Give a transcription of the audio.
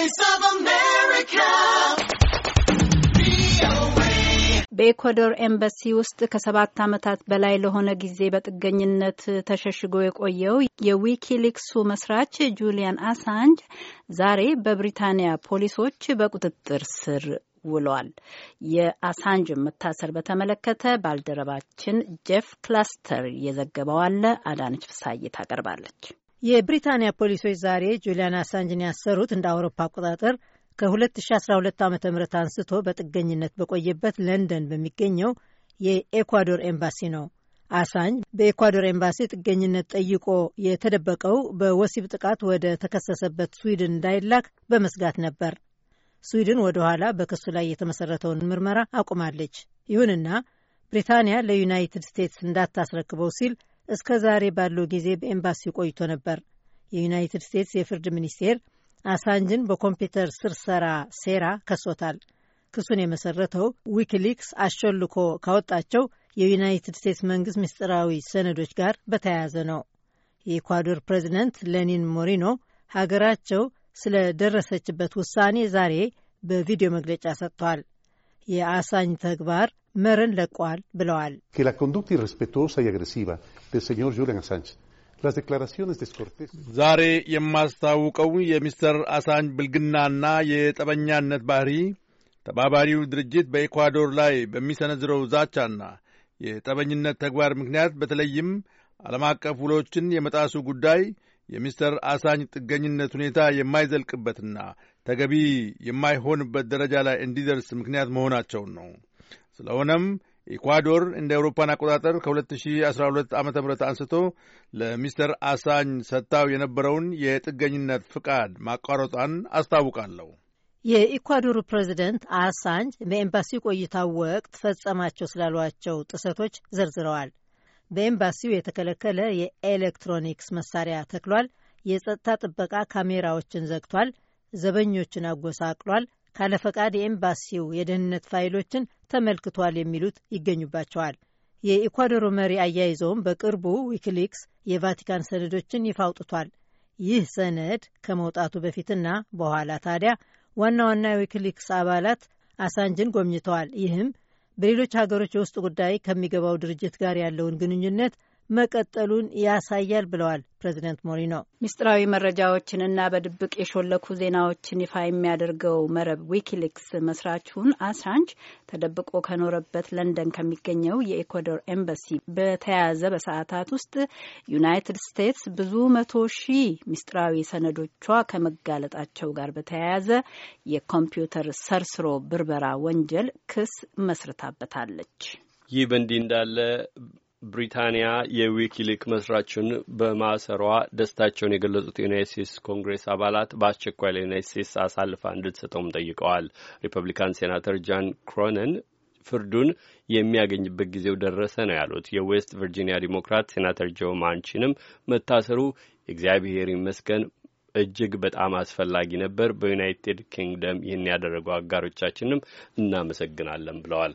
Voice of America. በኤኳዶር ኤምባሲ ውስጥ ከሰባት ዓመታት በላይ ለሆነ ጊዜ በጥገኝነት ተሸሽጎ የቆየው የዊኪሊክሱ መስራች ጁሊያን አሳንጅ ዛሬ በብሪታንያ ፖሊሶች በቁጥጥር ስር ውሏል። የአሳንጅ መታሰር በተመለከተ ባልደረባችን ጄፍ ክላስተር የዘገበው አለ። አዳነች ፍሳዬ ታቀርባለች። የብሪታንያ ፖሊሶች ዛሬ ጁሊያን አሳንጅን ያሰሩት እንደ አውሮፓ አቆጣጠር ከ2012 ዓ ም አንስቶ በጥገኝነት በቆየበት ለንደን በሚገኘው የኤኳዶር ኤምባሲ ነው። አሳንጅ በኤኳዶር ኤምባሲ ጥገኝነት ጠይቆ የተደበቀው በወሲብ ጥቃት ወደ ተከሰሰበት ስዊድን እንዳይላክ በመስጋት ነበር። ስዊድን ወደ ኋላ በክሱ ላይ የተመሰረተውን ምርመራ አቁማለች። ይሁንና ብሪታንያ ለዩናይትድ ስቴትስ እንዳታስረክበው ሲል እስከ ዛሬ ባለው ጊዜ በኤምባሲ ቆይቶ ነበር። የዩናይትድ ስቴትስ የፍርድ ሚኒስቴር አሳንጅን በኮምፒውተር ስር ሰራ ሴራ ከሶታል። ክሱን የመሰረተው ዊኪሊክስ አሸልኮ ካወጣቸው የዩናይትድ ስቴትስ መንግስት ምስጢራዊ ሰነዶች ጋር በተያያዘ ነው። የኢኳዶር ፕሬዚደንት ሌኒን ሞሪኖ ሀገራቸው ስለደረሰችበት ውሳኔ ዛሬ በቪዲዮ መግለጫ ሰጥቷል። የአሳኝ ተግባር መርን ለቋል ብለዋል። ዛሬ የማስታውቀው የሚስተር አሳኝ ብልግናና የጠበኛነት ባህሪ ተባባሪው ድርጅት በኢኳዶር ላይ በሚሰነዝረው ዛቻና የጠበኝነት ተግባር ምክንያት በተለይም ዓለም አቀፍ ውሎችን የመጣሱ ጉዳይ የሚስተር አሳኝ ጥገኝነት ሁኔታ የማይዘልቅበትና ተገቢ የማይሆንበት ደረጃ ላይ እንዲደርስ ምክንያት መሆናቸውን ነው። ስለሆነም ኢኳዶር እንደ አውሮፓን አቆጣጠር ከ2012 ዓ ም አንስቶ ለሚስተር አሳኝ ሰጥታው የነበረውን የጥገኝነት ፍቃድ ማቋረጧን አስታውቃለሁ። የኢኳዶሩ ፕሬዚደንት አሳንጅ በኤምባሲ ቆይታው ወቅት ፈጸማቸው ስላሏቸው ጥሰቶች ዘርዝረዋል። በኤምባሲው የተከለከለ የኤሌክትሮኒክስ መሳሪያ ተክሏል። የጸጥታ ጥበቃ ካሜራዎችን ዘግቷል። ዘበኞችን አጎሳቅሏል። ካለፈቃድ የኤምባሲው የደህንነት ፋይሎችን ተመልክቷል የሚሉት ይገኙባቸዋል። የኢኳዶሩ መሪ አያይዘውም በቅርቡ ዊኪሊክስ የቫቲካን ሰነዶችን ይፋ አውጥቷል። ይህ ሰነድ ከመውጣቱ በፊትና በኋላ ታዲያ ዋና ዋና የዊኪሊክስ አባላት አሳንጅን ጎብኝተዋል። ይህም በሌሎች ሀገሮች የውስጥ ጉዳይ ከሚገባው ድርጅት ጋር ያለውን ግንኙነት መቀጠሉን ያሳያል ብለዋል ፕሬዚደንት ሞሪኖ። ሚስጥራዊ መረጃዎችንና በድብቅ የሾለኩ ዜናዎችን ይፋ የሚያደርገው መረብ ዊኪሊክስ መስራቹን አሳንጅ ተደብቆ ከኖረበት ለንደን ከሚገኘው የኢኳዶር ኤምባሲ በተያያዘ በሰዓታት ውስጥ ዩናይትድ ስቴትስ ብዙ መቶ ሺህ ሚስጥራዊ ሰነዶቿ ከመጋለጣቸው ጋር በተያያዘ የኮምፒውተር ሰርስሮ ብርበራ ወንጀል ክስ መስርታበታለች። ይህ በእንዲህ እንዳለ ብሪታንያ የዊኪሊክ መስራችን በማሰሯ ደስታቸውን የገለጹት የዩናይት ስቴትስ ኮንግሬስ አባላት በአስቸኳይ ለዩናይት ስቴትስ አሳልፋ እንድትሰጠውም ጠይቀዋል። ሪፐብሊካን ሴናተር ጃን ክሮነን ፍርዱን የሚያገኝበት ጊዜው ደረሰ ነው ያሉት። የዌስት ቨርጂኒያ ዲሞክራት ሴናተር ጆ ማንቺንም መታሰሩ እግዚአብሔር ይመስገን እጅግ በጣም አስፈላጊ ነበር። በዩናይትድ ኪንግደም ይህን ያደረጉ አጋሮቻችንም እናመሰግናለን ብለዋል።